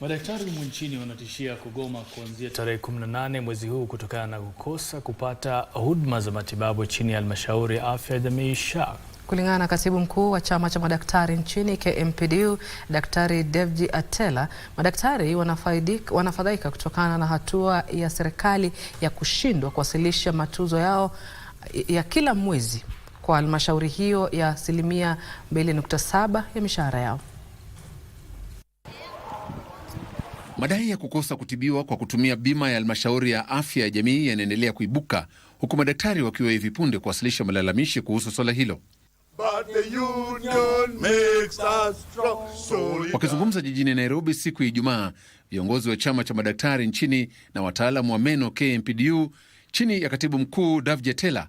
Madaktari humu nchini wanatishia kugoma kuanzia tarehe 18 mwezi huu kutokana na kukosa kupata huduma za matibabu chini ya halmashauri ya afya ya jamii SHA. Kulingana na katibu mkuu wa chama cha madaktari nchini KMPDU, Daktari Devji Atela, madaktari wanafadhaika kutokana na hatua ya serikali ya kushindwa kuwasilisha matuzo yao ya kila mwezi kwa halmashauri hiyo ya asilimia 2.7 ya mishahara yao. Madai ya kukosa kutibiwa kwa kutumia bima ya halmashauri ya afya ya jamii yanaendelea kuibuka huku madaktari wakiwa hivi punde kuwasilisha malalamishi kuhusu swala hilo. Wakizungumza jijini Nairobi siku ya Ijumaa, viongozi wa chama cha madaktari nchini na wataalamu wa meno KMPDU chini ya katibu mkuu Davje Tela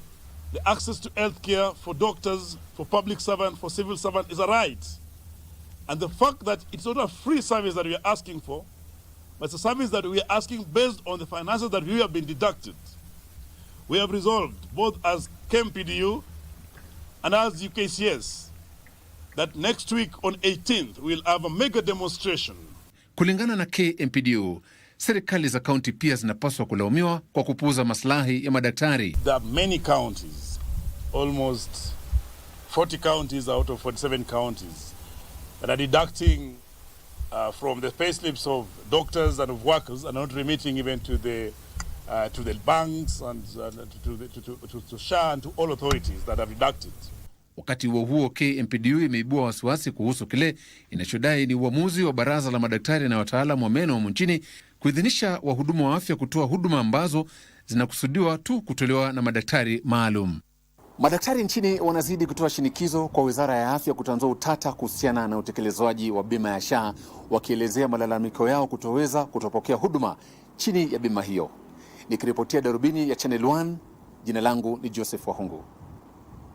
The access to health care for doctors, for public servant, for civil servant is a right. And the fact that it's not a free service that we are asking for, but it's a service that we are asking based on the finances that we have been deducted. We have resolved, both as KMPDU and as UKCS, that next week on 18th we'll have a mega demonstration. Kulingana na KMPDU, Serikali za kaunti pia zinapaswa kulaumiwa kwa kupuuza maslahi ya madaktari. There are many counties, almost 40 counties out of 47 counties that are deducting uh, from the payslips of doctors and of workers and not remitting even to the Uh, to the banks and, uh, to, to, to, to SHA and to all authorities that have deducted. Wakati huo huo, KMPDU imeibua wasiwasi kuhusu kile inachodai ni uamuzi wa baraza la madaktari na wataalamu wa meno humu nchini kuidhinisha wahudumu wa afya kutoa huduma ambazo zinakusudiwa tu kutolewa na madaktari maalum. Madaktari nchini wanazidi kutoa shinikizo kwa wizara ya afya kutanzua utata kuhusiana na utekelezwaji wa bima ya SHA, wakielezea malalamiko yao kutoweza kutopokea huduma chini ya bima hiyo. Nikiripotia darubini ya Channel 1 jina langu ni Joseph Wahungu.